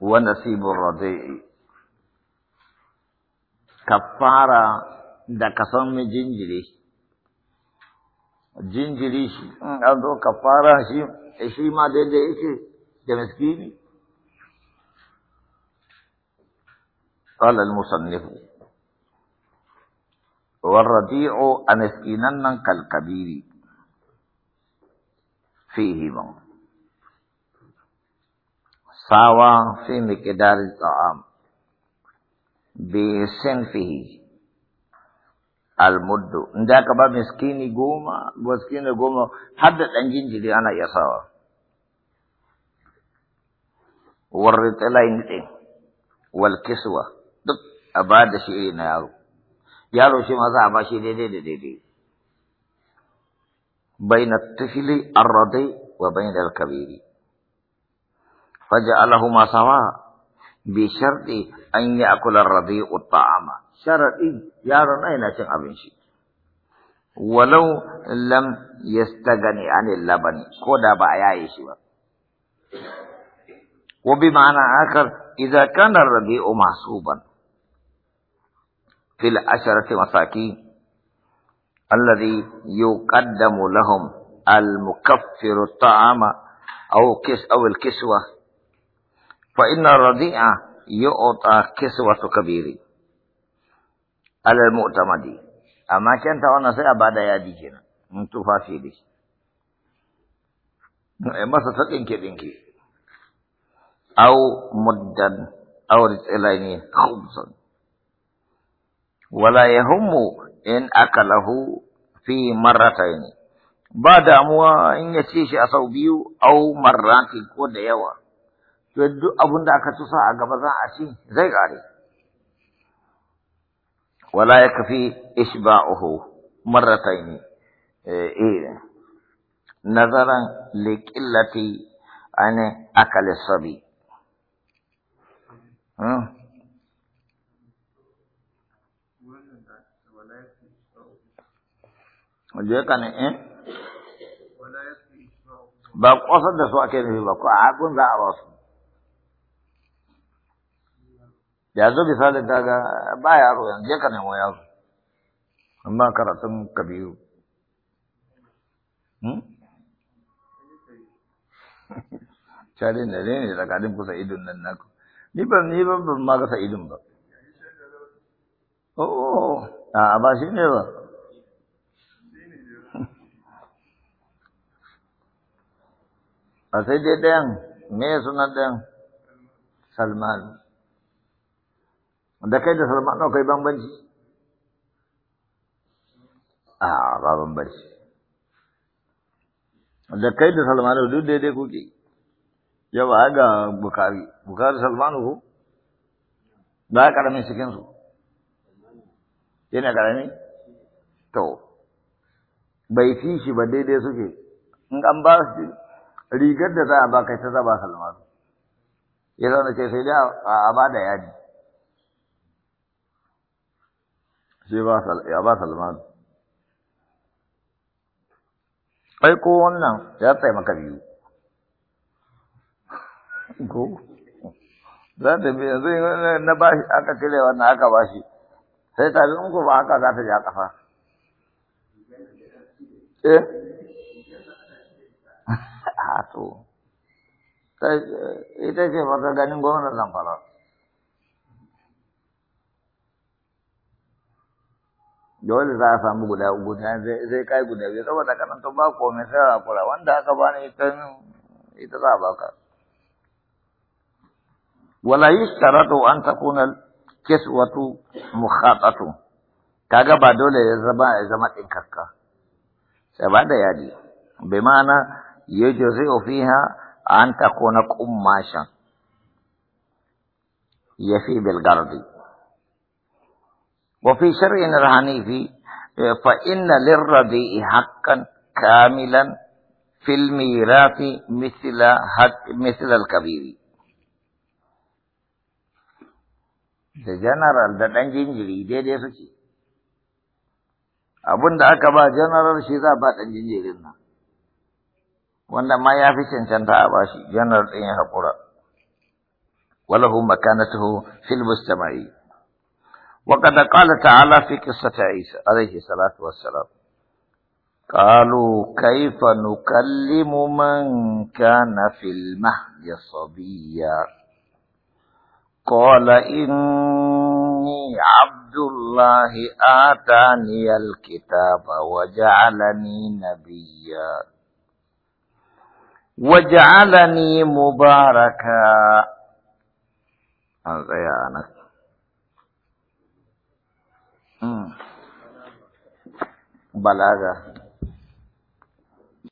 ونسيب الرضيع كفارة دا قسم جنجلي جنجلي أدو كفارة شي ما دي دي إشي جمسكيني قال المصنف والرضيع أنسكينن كالكبير فيهما فاوى في مقدار الطعام بصنفه المد ذاك باب مسكين قوما مسكين قوما حد الانجين جدي انا يا فاوى ورت لاينتي والكسوه دب اباد شيء نارو يا لو شي ما صعب شيء دي دي دي دي بين التفل الرضي وبين الكبيري فجعلهما سواء بشرط أن يأكل الرضيع الطعام شرط إيه؟ يا رأينا شن شي ولو لم يستغني عن اللبن كودا بأيائي شوى وبمعنى آخر إذا كان الربيع محسوبا في العشرة مساكين الذي يقدم لهم المكفر الطعام أو كس أو الكسوة فإن الرضيع يؤطى كسوة كبيري على المؤتمد أما كانت أنا سيئة بعد يادي كنا من تفاصيلي ما ستتنك دينك أو مدد أو رسلين خبزا ولا يهم إن أكله في مرتين بعد أموا إن يسيش أصوبيو أو مرات كود يوا to duk abin da aka tusa a gaba za a ci zai ƙare wala ya kafi ishba'uhu marrataini eh, eh nazaran liqillati ane akal sabi hmm? je ka ne eh? ba kwasar da su ake nufi ba ko a gun za a ba su ya yanzu misalin daga ba yaro yanzu ya nemo yaro amma karatun kabiru hmm? Cari da ne ne daga din kusa idon nan naku. Ni ban ni ban ban ma kasa idon ba. Oh, oh, oh. a ba shi ne ba. A sai dai ɗayan, me sunan ɗayan? Salman. da kai da salman akwai bambanci a ba bambanci da kai da salman duk daidai kuke a ga bukari bukari salman ko ba a cikin su yana karami to bai fi shi ba daidai suke in an ba su rigar da za a ba kai ta zaba salman ya zauna ce sai dai a ba da yadi sai ba salman aiko wannan ya taimaka biyu ko za ta biya zai na ba shi aka kire wannan aka ba shi. sai ta bi in ko ba haka za ta ja kafa eh a to eh, ita ce fata ganin gwamnan zamfara dole za a samu guda guda zai kai guda biyu saboda karanta bako mai sai a kula wanda aka bani ita ita za a baka wala yushtaratu an takuna kiswatu mukhatatu kaga ba dole ya zama ya zama dinkakka sai ba da yadi bi ma'ana yujzi'u fiha an takuna qummashan yafi bil gardi وفي شرعنا الحنيفي فإن للرديء حقا كاملا في الميراث مثل حق مثل الكبير da general da ɗan jinjiri daidai suke abin da aka ba general shi za ba ɗan jinjirin nan wanda ma ya fi cancanta a ba shi general ɗin ya haƙura walahu makanatuhu fil mustama'i وقد قال تعالى في قصة عيسى عليه الصلاة والسلام قالوا كيف نكلم من كان في المهد صبيا قال إني عبد الله آتاني الكتاب وجعلني نبيا وجعلني مباركا هذا يا أنس Hmm. balaga